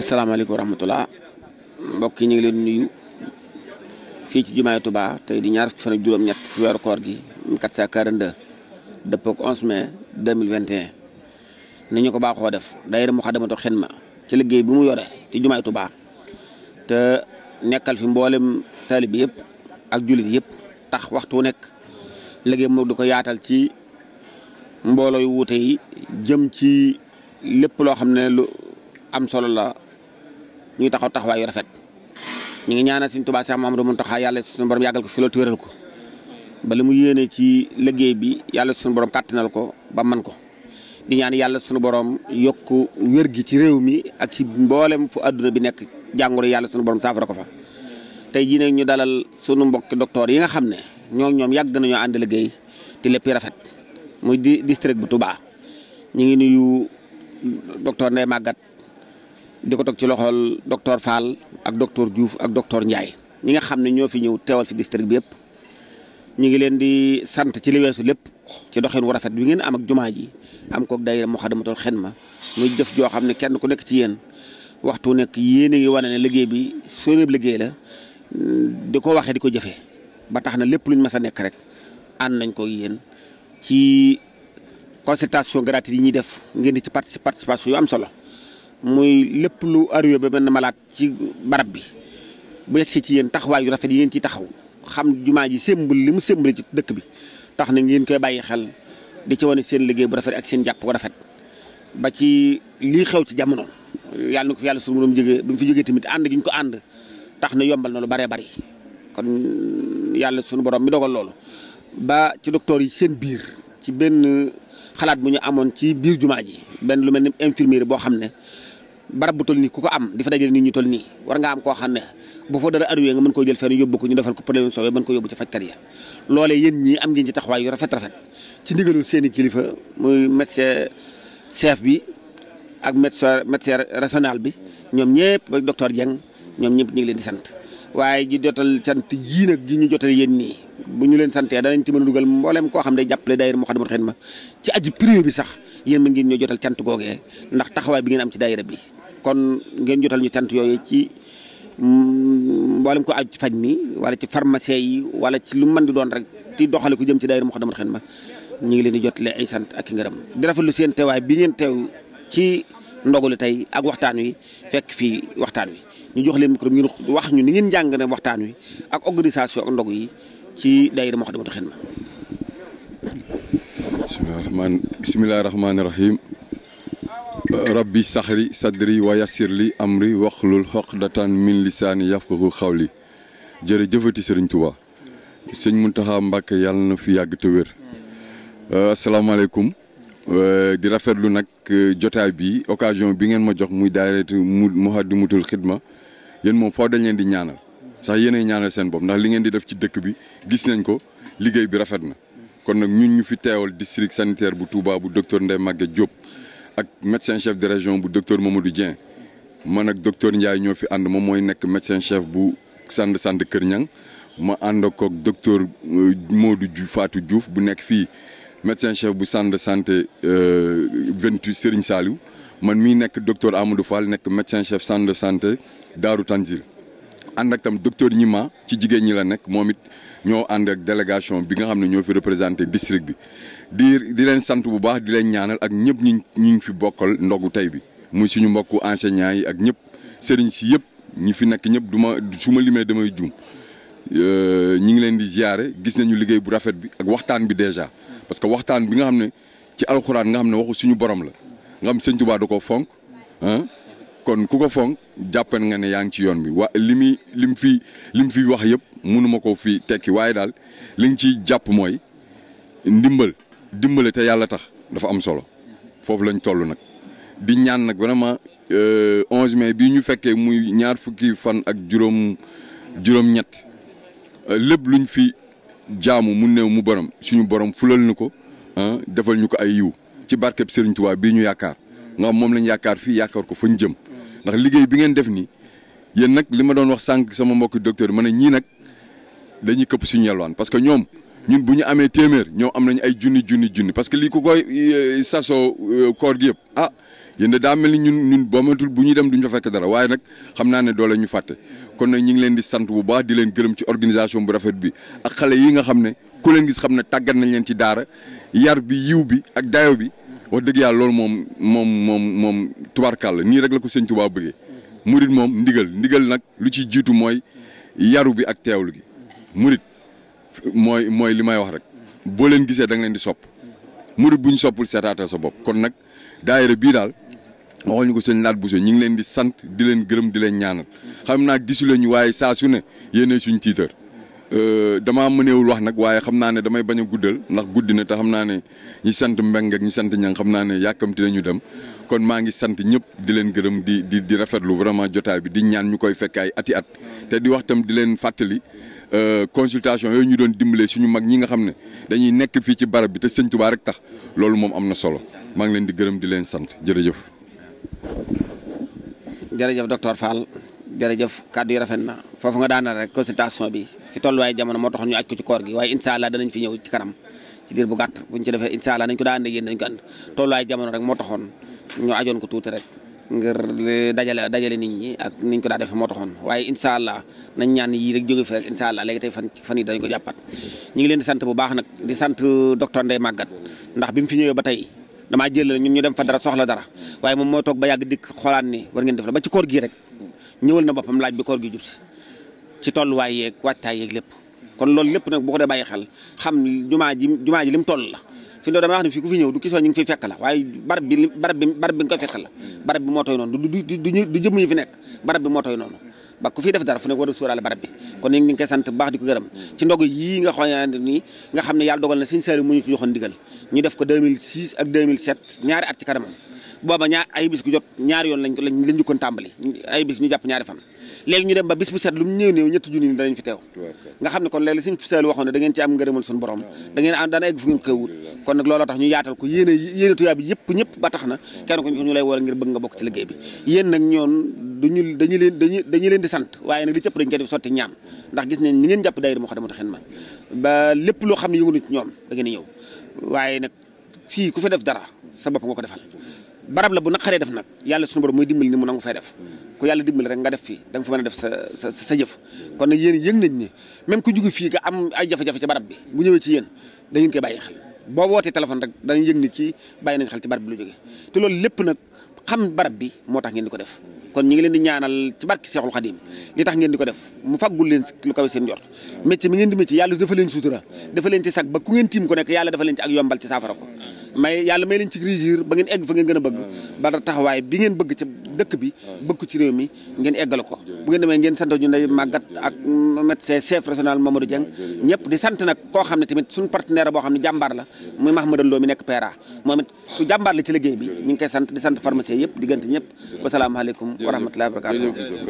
asalaamaaleykum wa rahmatulah mbokk yi ñu ngi leen nuyu fii ci jumaay Touba tey di ñaar fukki fan ak juróom-ñett ci weeru koor gi 1442 dëppoo ak 11 mai 2021 ni ñu ko baaxoo def daayira Muxaddamatul ma ci liggéey bi mu yore ci jumaay Touba te nekkal fi mboolem taalib yëpp ak jullit yëpp tax waxtu wu nekk liggéey moom du ko yaatal ci mbooloo yu wuute yi jëm ci lépp loo xam ne lu am solo la ñu ngi taxaw taxawaay yu rafet ñu ngi ñaana Sëriñ Tuubaa Seex Mamadu Muntaxa yàlla suñu borom yàggal ko fi loolu wéral ko ba mu yéene ci liggéey bi yàlla suñu borom kàttanal ko ba man ko di ñaan yàlla suñu borom yokk wér gi ci réew mi ak ci mboolem fu àdduna bi nekk jàngoro yàlla suñu borom saafara ko fa tey jii nag ñu dalal sunu mbokki docteur yi nga xam ne ñoo ñoom yàgg nañoo ànd léggéey te lépp rafet muy di district bu Touba ñu ngi nuyu docteur Ndeye Maguette di ko toog ci loxol docteur Fall ak docteur Diouf ak docteur Ndiaye ñi nga xam ne ñoo fi ñëw teewal fi district bi yëpp ñu ngi leen di sant ci li weesu lépp ci doxin wu rafet bi ngeen am ak jumaa ji am kook daayira xen ma muy jëf joo xam ne kenn ku nekk ci yéen waxtu nekk yéen a ngi wane ne liggéey bi soo liggéey la di ko waxee di ko jëfee ba tax na lépp luñ mës a nekk rek ànd nañ ko yéen ci consultation gratuite yi ñuy def ngeen di ci participation yu am solo. muy lépp lu arrivé ba benn malaat ci barab bi bu yegsee ci yéen taxawaay yu rafet yi ci taxaw xam jumaa ji sembul li mu sembule ci dëkk bi tax na ngeen koy bàyyi xel di ci wane seen liggéey bu rafet ak seen jàpp bu rafet ba ci lii xew ci jamono yàlla na ko fi yàlla suñu borom jógee mu fi jógee tamit ànd gi ko ànd tax na yombal na lu baree bari kon yàlla suñu borom mi dogal loolu ba ci docteur yi seen biir ci benn xalaat bu ñu amoon ci biir jumaa ji benn lu mel ni infirmier boo xam ne barab bu toll nii ku ko am di fa dajale nit ñu toll nii war nga am koo xam ne boo fa dara arrivé nga mën koo jël fenn yóbbu ko ñu defal ko problème soobee mën ko yóbbu ci fajkat ya loolee yéen ñii am ngeen ci taxawaay yu rafet rafet ci ndigalul seen i kilifa muy médecin chef bi ak médecin médecin régional bi ñoom ñëpp ak docteur Dieng ñoom ñëpp ñu ngi leen di sant waaye ji jotal sant yii nag ji ñu jotal yéen nii bu ñu leen santee danañ ci mën a dugal mbooleem koo xam ne jàppale daayira Moukhaddamatoul Khidma ci aji privé bi sax yéen mën ngeen ñoo jotal cant googee ndax taxawaay bi ngeen am ci daayira bi kon ngeen jotal ñu cant yooyu ci mm, mboolem ko aju ci faj mi wala ci pharmacie yi wala ci lu mën di doon rek di doxale ko jëm ci daayira Moukhaddamatoul Khidma ñu ngi leen di jotale ay sant ak i ngërëm di rafetlu seen teewaay bi ngeen teew ci ndogalu tey ak waxtaan wi fekk fii waxtaan wi ñu jox leen micro bi wax ñu ni ngeen jàng waxtaan wi ak organisation ak yi ci daayira Moukhaddamatoul Khidma bismillahi rahmaan bismillahi rahmaani rabbi saxri sadri wa yassir li amri waxlul ko min lisaani yafqahu xawli jërëjëfati sëriñ Touba sëñ Mountakha mbakk yàlla na fi yàgg te wér euh, asalaamaaleykum euh, di rafetlu nag euh, jotaay bi occasion bi ngeen ma jox muy daayreetu Muxaddamatul Xidma yéen moom foo dañ leen di ñaanal sax yéenay ñaanal seen bopp ndax li ngeen di def ci dëkk bi gis nañ ko liggéey bi rafet na kon nag ñun ñu fi teewal district sanitaire bu Touba bu docteur Ndeye Maguette Diop. ak médecin chef de région bu docteur Mamadou Dieng man ak docteur Ndiaye ñoo fi ànd moom mooy nekk médecin chef bu Sand Sand Kër Ñang ma ànd akook docteur euh, Modou faatu juuf bu nekk fii médecin chef bu centre de santé 28 Serigne Saliou man mii nekk docteur Amadou Fall nekk médecin chef centre de santé Daaru Tanzil ànd ak tam docteur Ñima ci jigéen ñi la nekk moom it ñoo ànd ak délégation bi nga xam ne ñoo fi représenté district bi di di leen sant bu baax di leen ñaanal ak ñëpp ñu ñu fi bokkal ndogu tey bi muy suñu mbokku enseignants yi ak ñëpp sëriñ si yëpp ñi fi nekk ñëpp duma ma su ma limee damay juum euh, ñi ngi leen di ziare gis nañu liggéey bu rafet bi ak waxtaan bi déjà parce que waxtaan bi nga xam ne ci alxuraan nga xam ne waxu suñu borom la nga xam sëñ Tuubaa da fonk kon ku ko fonk jàppan nga ne yaa ngi ci yoon bi waa li muy lim fi lim fi wax yëpp mënuma ko fi tekki waaye daal liñ ci jàpp mooy ndimbal dimbale te yàlla tax dafa am solo foofu lañ toll nag di ñaan nag vraiment 11 euh, mais bii ñu fekkee muy ñaar fukki fan ak juróom juróom-ñett euh, lépp luñ fi jaamu mun ne mu borom suñu borom fulal ñu ko defal ñu ko ay yiw ci barkeb Serigne Touba bi ñu yaakaar nga moom lañ yaakaar fii yaakaar ko fañ jëm. ndax liggéey bi ngeen def nii yéen nag li ma doon wax sànq sama mbokki docteur ma ne ñii nag dañuy këpp suñu yelwaan parce que ñoom ñun bu ñu amee téeméer ñoom am nañu ay junni junni junni parce que lii ku koy euh, saso euh, koor gi yëpp ah yéen daa mel ni ñun ñun boomatul bu ñuy dem duñu fa fekk dara waaye nag xam naa ne doole ñu fàtte kon nag ñu ngi leen di sant bu baax di leen gërëm ci organisation bu rafet bi ak xale yi nga xam ne ku leen gis xam ne tàggat nañ leen ci daara yar bi yiw bi ak dayo bi wax dëgg yàlla loolu moom moom moom moom tubaarkàll nii rek la ko sëñ Tuubaa bëggee murit moom ndigal ndigal nag lu ciy jiitu mooy yaru bi ak teewlu gi murit mooy mooy li may wax rek boo leen gisee dang leen di sopp murit bu ñu soppul seetaatal sa bopp kon nag daayira bii daal waxoon ñu ko sëñ Laat Bousso ñu ngi leen di sant di leen gërëm di leen ñaanal xam naa gisuleen ñu waaye saa su ne yéenay suñ tiitar Euh, damaa mënewul wax nag waaye xam naa ne damay bañ a guddal ndax guddi na te xam naa ne ñi sant Mbeng ak ñi sant ñang xam naa ne yàkkamti nañu dem kon maa ngi sant ñëpp di leen gërëm di di di rafetlu vraiment jotaay bi di ñaan ñu koy fekk ay ati at te di wax tam di leen fàttali euh, consultation yooyu ñu doon dimbalee suñu mag ñi nga xam ne dañuy nekk fii ci barab bi te Sëñ Tuubaa rek tax loolu moom am na solo maa ngi leen di gërëm di leen sant jërëjëf. jërëjëf docteur Fall jërëjëf kàddu yi rafet na foofu nga daanal rek consultation bi. fi tolluwaay jamono moo tax ñu aj ko ci koor gi waaye incha allah danañ fi ñëw ci kanam ci diir bu gàtt buñ ci defee incha allah nañ ko ko ànd tolluwaay jamono taxoon ñu ajoon ko tuuti rek ngir dajale dajale nit ñi ak niñ ko daa defee moo taxoon waaye incha allah nañ ñaan yii rek jóge fi rek incha allah léegi tey fan fan yi dañ ko jàppaat ñu ngi leen di sant bu baax nag di sant docteur Ndeye Maguette ndax bi mu fi ñëwee ba tey damaa jël ñun ñu dem fa dara soxla dara waaye moom moo toog ba yàgg dikk xoolaat ni war ngeen def la ba ci koor gi rek ñëwal na boppam laaj bi koor gi jub si ci tolluwaay yeeg waajtaay yeeg lépp kon loolu lépp nag bu ko dee bàyyi xel xam jumaa ji jumaa la fi doo dama wax ne fii ku fi ñëw du kisoo ñu ngi fi fekk yi fi nekk barab moo tooy noonu ba ku fi def dara fu nekk war a suuraale barab bi kon ñu ngi koy baax di ko gërëm ci ndog yii nga xam ne yàlla dogal na Sëñ Saaliw ñu ci joxoon ndigal ñu def ko 2006 ak 2007 ñaari at ci booba ñaar ay bis gu ñaar yoon lañ lañ lañ jukkoon tàmbali ay bis ñu jàpp ñaari fan léegi ñu dem ba bis bu set lu mu néew néew ñetti junni danañ ne kon léegi suñ fisal waxoon ne da yaatal ko yéene yéene ñëpp ba tax na kenn ko ñu lay woo ngir bëgg nga bokk ci liggéey bi yéen nag ñoon dañu leen dañu dañu leen di sant waaye nag li cëpp dañ koy def sotti ñaan ndax gis nañ ni ngeen jàpp daayira Moukhaddamatoul Khidma ba lépp loo xam ne yëngu na ñoom da ngeen ñëw waaye nag fii ku fa def dara sa bopp nga ko defal barab la bu naqaree def nag yàlla suñu borom mooy dimbali ni mu nangu fay def ku yàlla dimbali rek nga def fii da nga fa mën a def sa sa sa kon nag yéen yëg nañ ni même ku jóge fii nga am ay jafe-jafe ci barab bi bu ñëwee ci yéen da ngeen koy bàyyi xel boo wootee téléphone rek danañ yëg ni ci bàyyi nañ xel ci barab bi lu jógee te loolu lépp nag xam barab bi moo tax ngeen di ko def kon ñi ngi leen di ñaanal ci barke Seexul Xadim li tax ngeen di ko def mu faggul leen lu kawe seen jot métier mi ngeen di métier yàlla dafa leen sutura dafa leen ci sag ba ku ngeen tiim ko nekk yàlla dafa ci ak ko may yàlla may leen ci régir ba ngeen egg fa ngeen gën ko ngeen demee ngeen sant ñu nday màggat ak médecin chef régional Mamadou Dieng ñëpp di sant nag koo xam ne tamit suñu partenaire boo xam ne jàmbaar la muy Mahmadou Lo mi nekk PRA moom it ku la dossiers yëpp diggante ñëpp wasalaamaaleykum wa rahmatullahi wa barakatu